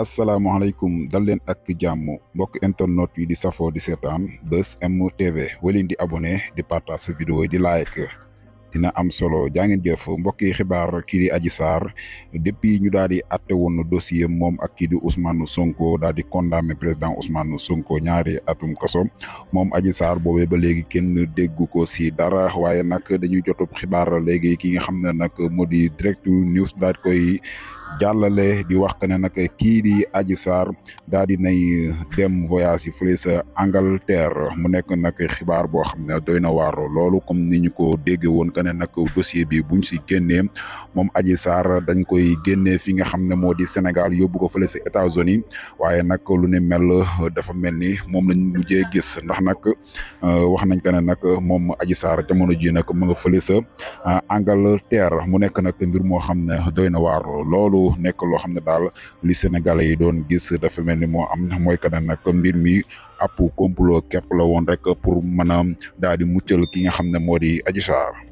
asalaamaaleykum dal leen ak jàmm mbokk internet yi di safoo di seetaan Buzz M TV waleen di abonné di partage sa vidéo dina am solo jaa ngeen jëf mbokk yi xibaar kii di Adji Sarr depuis ñu daal di atte woon dossier moom ak kii di Ousmane Sonko daal di condamné président Ousmane Sonko ñaari atum kaso moom Adji Sarr boobee ba léegi kenn déggu ko si dara waaye nag dañuy jotub xibaar léegi ki nga xam ne nag moo di direct news daal koy. jàllale di wax que ne nag kii di Adji Sarr daa di nay dem voyage yi fële sa Angleterre mu nekk nag xibaar boo xam ne doy na waar loolu comme ni ñu ko déggee woon que ne nag dossier bi buñ si génnee moom Adji saar dañ koy génnee fi nga xam ne moo di Sénégal yóbbu ko fële sa États-Unis waaye nag lu ne mel dafa mel ni moom lañ mujjee gis ndax nag euh, wax nañ que ne nag moom Adji Sarr jamono ji nag mu nga fële sa euh, Angleterre mu nekk nag mbir moo xam ne doy na waar loolu. tout nekk loo xam ne daal li sénégalais yi doon gis dafa mel ni moo am mooy que ne nag mbir mi ab complot képp la woon rek pour mën a daal di muccal ki nga xam ne moo di Adji Sarr